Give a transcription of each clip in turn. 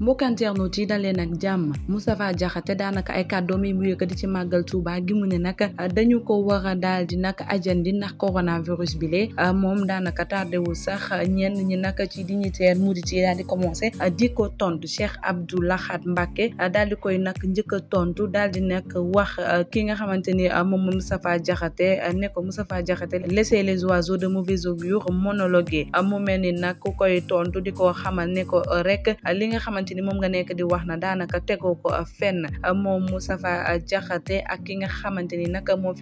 mbokk internautes yi dalee nag jàmm Moustapha Diakhaté daanaka ay kàddoom yi mu yëkkati ci màggal tuuba gi mu ne a dañu ko war a daal di nag ajandi ndax coronavirus bi lee moom daanaka tardewul sax ñenn ñi nag ci di murit mu daal di commencé di ko tontu Cheikh Abdou Lahad Mbacké daal di koy nag njëkk a tontu daal di nag wax ki nga xamante ni a moom Moustapha Diakhaté ne ko Moustapha Diakhaté laissez les oiseaux de mauvais augure monologuer mu mel ni nag ku koy di ko xamal ne ko xamante ni moom nga nekk di wax na daanaka tegoo ko fenn moom ak ki nga xamante ni nag moo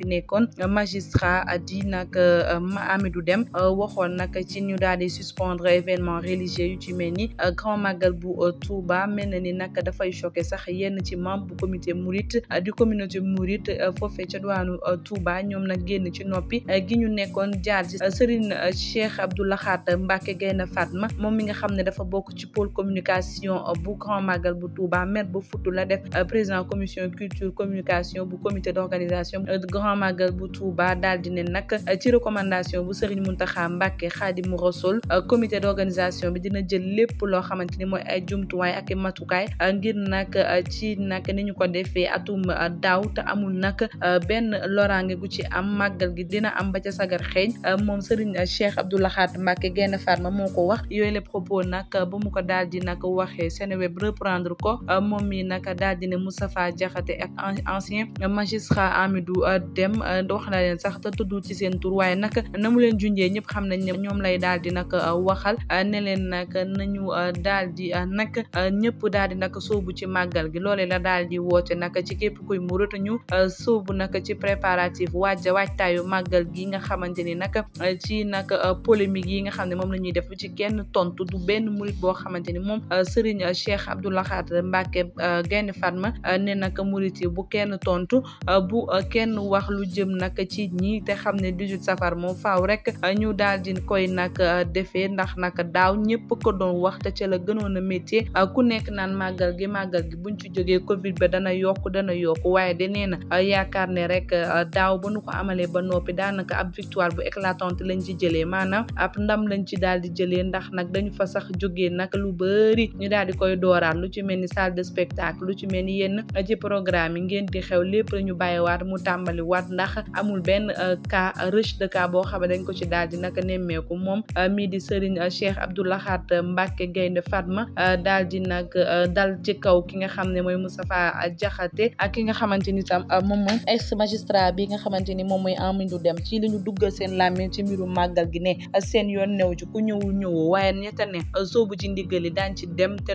magistrat di nag euh, Amidou Dem euh, waxoon nag ci ñu daal di suspendre événement religieux yu ci mel euh, grand magal bu Touba mel na ni nag dafay choqué sax yenn ci membre bu comité Mouride du communauté Mouride foofee ca diwaanu Touba ñoom nag génn ci noppi gi ñu nekkoon jaar ci Cheikh Abdou Fatma moom mi nga xam ne dafa bokk ci pôle communication bu grand magal bu Touba maire ba futu la def euh, président commission culture communication bu comité d'organisation euh, grand magal bu Touba daal di ne nag euh, ci recommandation bu Serigne Mountakha Mbacké Khadimou Rassoul comité d'organisation bi dina jël lépp loo xamante ni mooy ay jumtuwaay ak matukaay ngir nag ci nag ni ñu ko defee atum daaw te amul nag benn loraange gu ci am màggal gi dina am ba ca sagar xeeñ moom Serigne Cheikh Abdou Lahad Mbacké Gaïndé Fatma moo ko wax yooyu les propos nag ba mu ko dal di na Seneweb reprendre ko euh, moom mi nag daal di ne Moustapha Diakhaté ak ancien magistrat Amidou euh, Deme euh, wax na leen sax te tudd ci seen tur waaye nag na mu leen ñëpp xam nañ ne ñoom lay daal di nag waxal ne leen nag nañu daal di nag ñëpp daal di nag soobu ci màggal gi loolee la daal di woote nag ci képp kuy murit ñu soobu nag ci préparatif waaj waajtaayu màggal gi nga xamante ni nag ci nag polémique yi nga xam ne moom la ñuy def ci kenn tontu du benn murit boo xamante moom Serigne Cheikh Abdou Lahad Mbacké euh, Gaynde Fatma euh, ne nag murit bu kenn tontu euh, bu kenn wax lu jëm nag ci ñi te xam ne 18 safar moom faaw rek ñu daal di koy nag defee ndax nag daaw ñëpp ko doon wax te ca la gënoon a métier ku nekk naan màggal gi màggal gi buñ ci jógee Covid ba dana yokk dana yokk waaye de nee na yaakaar ne rek daaw ba nu ko amalee ba noppi daanaka ab victoire bu éclatante lañ ci jëlee maanaam ab ndam lañ ci daal di ndax nag dañu fa sax jógee nag lu bëri ñu daal ko koy dooraat lu ci lu ci mel ni yenn uh, ci di xew lépp la ñu bàyyiwaat mu tàmbali waat ndax amul benn uh, cas uh, reche de cas boo xam ne dañ ko ci daal di naka nemmeeku moom mii di Serigne Cheikh Abdoulahat Mbacke Gaynde Fatma daal di nag dal ci kaw ki nga xam ne mooy Moustapha jaxate ak ki nga xamante ni tam moom mooy ex magistrat bi nga xamante ni moom mooy Amidou dem ci li ñu duggal seen làmmiñ ci mbiru màggal gi ne a seen yoon new ci ku ñëwul ñëwoo waaye ñetta ne soobu ci ndiggali daan ci dem te